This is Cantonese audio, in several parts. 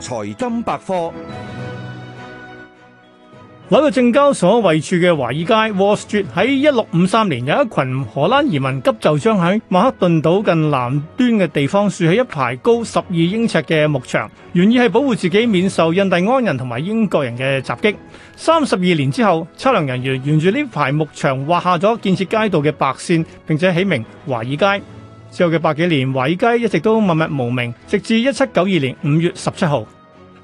財金百科，嚟到證交所位處嘅華爾街 （Wall Street） 喺一六五三年，有一群荷蘭移民急就章喺曼克頓島近南端嘅地方豎起一排高十二英尺嘅木牆，原意係保護自己免受印第安人同埋英國人嘅襲擊。三十二年之後，測量人員沿住呢排木牆畫下咗建設街道嘅白線，並且起名華爾街。之後嘅百幾年，華爾街一直都默默無名，直至一七九二年五月十七號，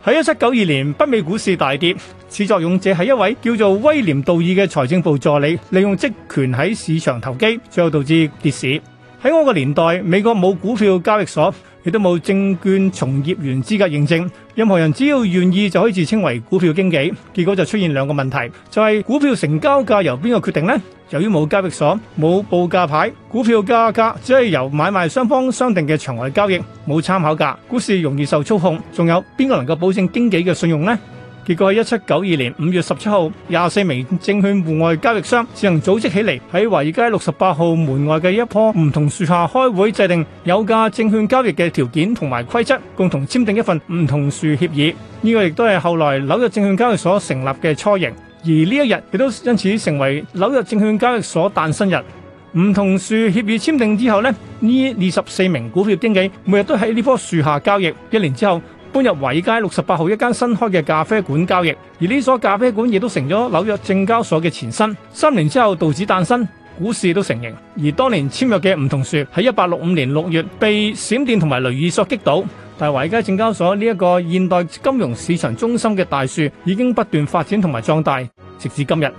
喺一七九二年北美股市大跌，始作俑者係一位叫做威廉道爾嘅財政部助理，利用職權喺市場投機，最後導致跌市。喺我個年代，美國冇股票交易所。亦都冇證券從業員資格認證，任何人只要願意就可以自稱為股票經紀。結果就出現兩個問題，就係股票成交價由邊個決定呢？由於冇交易所、冇報價牌，股票價格只係由買賣雙方商定嘅場外交易，冇參考價，股市容易受操控。仲有邊個能夠保證經紀嘅信用呢？結果喺一七九二年五月十七號，廿四名證券戶外交易商只能組織起嚟，喺華爾街六十八號門外嘅一棵梧桐樹下開會，制定有價證券交易嘅條件同埋規則，共同簽訂一份梧桐樹協議。呢個亦都係後來紐約證券交易所成立嘅雛形。而呢一日亦都因此成為紐約證券交易所誕生日。梧桐樹協議簽訂之後呢，呢二十四名股票經紀每日都喺呢棵樹下交易。一年之後。搬入華爾街六十八號一間新開嘅咖啡館交易，而呢所咖啡館亦都成咗紐約證交所嘅前身。三年之後，道指誕生，股市都成形。而當年簽約嘅梧桐樹喺一八六五年六月被閃電同埋雷雨所擊倒，但係華爾街證交所呢一個現代金融市場中心嘅大樹已經不斷發展同埋壯大，直至今日。